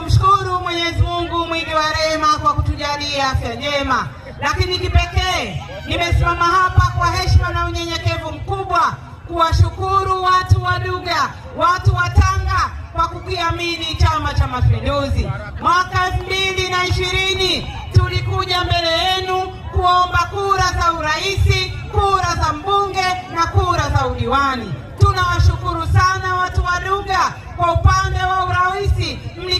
kumshukuru Mwenyezi Mungu mwingi wa rehema kwa kutujalia afya njema, lakini kipekee nimesimama hapa kwa heshima na unyenyekevu mkubwa kuwashukuru watu wa Duga, watu wa Tanga kwa kukiamini Chama cha Mapinduzi. Mwaka elfu mbili na ishirini tulikuja mbele yenu kuomba kura za urais, kura za mbunge na kura za udiwani. Tunawashukuru sana watu wa Duga kwa upande wa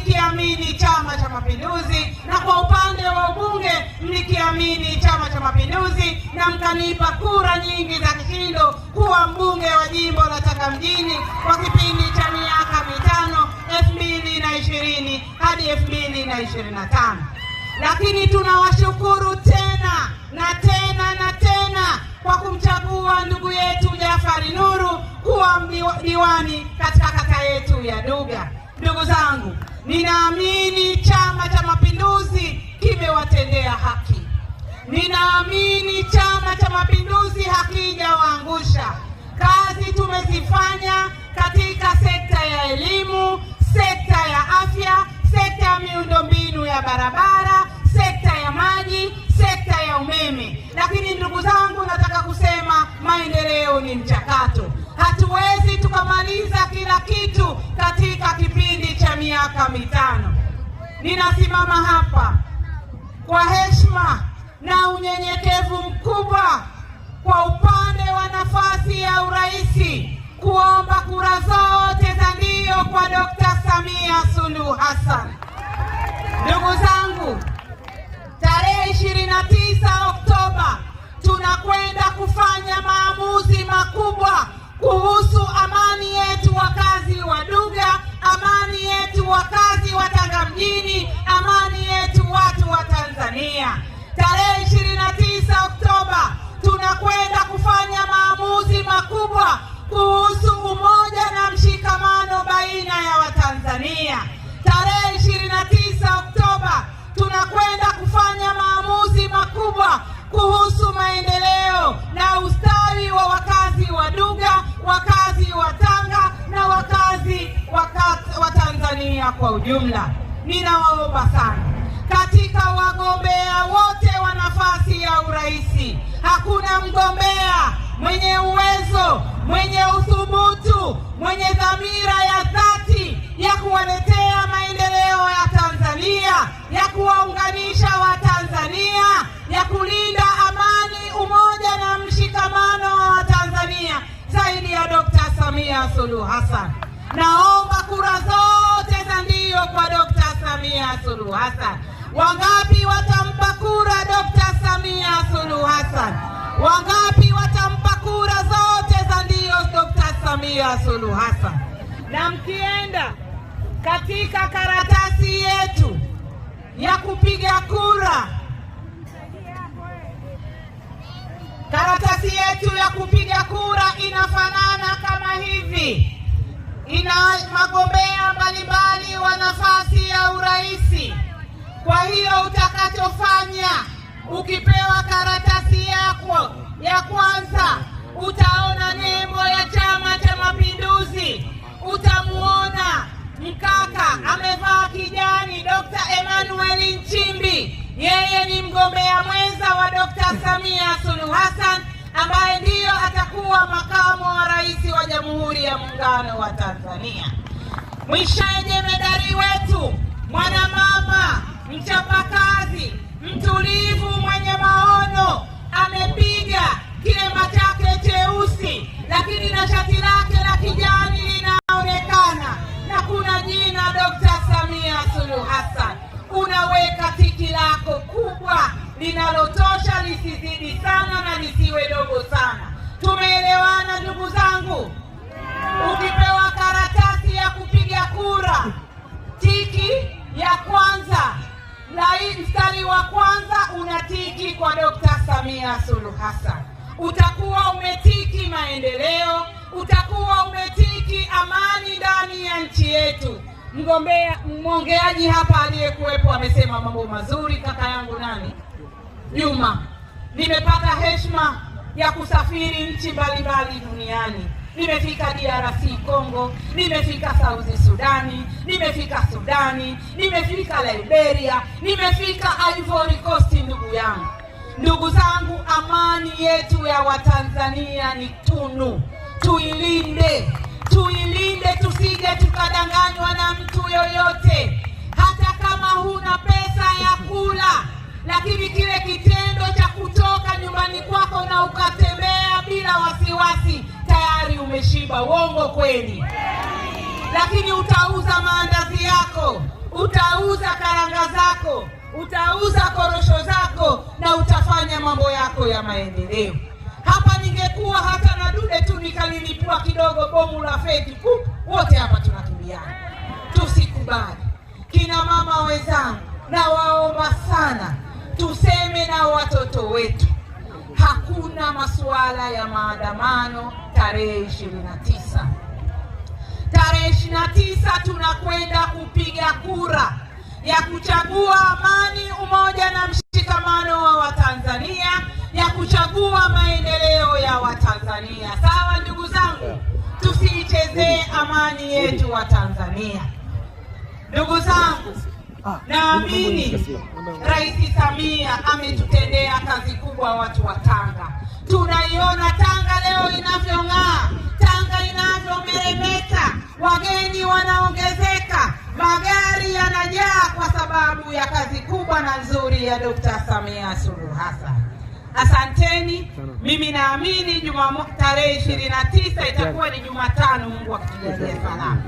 mlikiamini Chama cha Mapinduzi, na kwa upande wa ubunge mlikiamini Chama cha Mapinduzi na mkanipa kura nyingi za kishindo kuwa mbunge wa jimbo la Tanga mjini kwa kipindi cha miaka mitano 2020 hadi 2025. Lakini tunawashukuru tena na tena na tena kwa kumchagua ndugu yetu Jafari Nuru kuwa diwani katika kata yetu ya Duga. Ndugu zangu Ninaamini Chama cha Mapinduzi kimewatendea haki. Ninaamini Chama cha Mapinduzi hakijawaangusha. Kazi tumezifanya katika sekta ya elimu, sekta ya afya, sekta ya miundombinu ya barabara, sekta ya maji, sekta ya umeme. Lakini ndugu zangu, nataka kusema maendeleo ni mchakato hatuwezi tukamaliza kila kitu katika kipindi cha miaka mitano. Ninasimama hapa kwa heshima na unyenyekevu mkubwa kwa upande wa nafasi ya uraisi kuomba kura zote za ndio kwa Dr. Samia Suluhu kuhusu umoja na mshikamano baina ya Watanzania. Tarehe 29 Oktoba tunakwenda kufanya maamuzi makubwa kuhusu maendeleo na ustawi wa wakazi wa Duga, wakazi wa Tanga na wakazi wa Tanzania kwa ujumla. Ninawaomba sana katika wagombea wote wa nafasi ya urais, hakuna mgombea mwenye uwezo mwenye uthubutu, mwenye dhamira ya dhati ya kuwaletea maendeleo ya Tanzania, ya kuwaunganisha Watanzania, ya kulinda amani, umoja na mshikamano wa Watanzania zaidi ya Dr. Samia Suluhu Hassan. Naomba kura zote za ndio kwa Dr. Samia Suluhu Hassan. Wangapi wata yetu ya kupiga kura inafanana kama hivi. Ina magombea mbalimbali wa nafasi ya urais. Kwa hiyo utakachofanya ukipewa karatasi yako ya kwanza, utaona nembo ya Chama cha Mapinduzi, utamuona mkaka amevaa kijani, Dr. Emmanuel Nchimbi, yeye ni mgombea mwenza wa Dr. Samia Suluhu Hassan ambaye ndiyo atakuwa makamu wa rais wa Jamhuri ya Muungano wa Tanzania. Mwishaye jemedari wetu, mwanamama, mchapakazi, mtulivu, mwenye maono, amepiga kilemba chake cheusi, lakini na shati lake la kijani linaonekana na kuna jina Dr. Samia Suluhu Hassan. Unaweka tiki lako kubwa linalotosha lisizidi sana na unatiki kwa Dr. Samia Suluhu Hassan, utakuwa umetiki maendeleo, utakuwa umetiki amani ndani ya nchi yetu. Mgombea mwongeaji hapa aliyekuwepo amesema mambo mazuri, kaka yangu nani Juma. Nimepata heshima ya kusafiri nchi mbalimbali duniani nimefika DRC Congo, nimefika South Sudani, nimefika Sudani, nimefika Liberia, nimefika Ivory Coast. Ndugu yangu, ndugu zangu, amani yetu ya Watanzania ni tunu, tuilinde, tuilinde, tusije tukadanganywa na mtu yoyote, hata kama huna pesa ya kula, lakini kile kitendo cha kutoka nyumbani kwako na ukate tayari umeshiba. Uongo kweli? Lakini utauza maandazi yako, utauza karanga zako, utauza korosho zako na utafanya mambo yako ya maendeleo. Hapa ningekuwa hata na dude tu nikalilipua kidogo bomu la fedi ku wote hapa tunakimbiana. Tusikubali. Kina mama wenzangu, na waomba sana tuseme na watoto wetu, hakuna masuala ya maandamano tarehe 29. Tarehe 29 tunakwenda kupiga kura ya kuchagua amani, umoja na mshikamano wa Watanzania, ya kuchagua maendeleo ya Watanzania. Sawa ndugu zangu, tusiichezee amani yetu wa Tanzania. Ndugu zangu, ah, naamini Rais Samia ametutendea kazi kubwa watu wa Tanga. Tunaiona Tanga inavyong'aa, Tanga inavyomeremeka, wageni wanaongezeka, magari yanajaa kwa sababu ya kazi kubwa na nzuri ya Dr. Samia Suluhu Hassan. Asanteni. Mimi naamini juma tarehe 29 itakuwa ni Jumatano, Mungu akitujalia salama.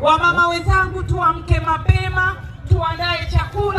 Wamama wenzangu, tuamke mapema, tuandae chakula.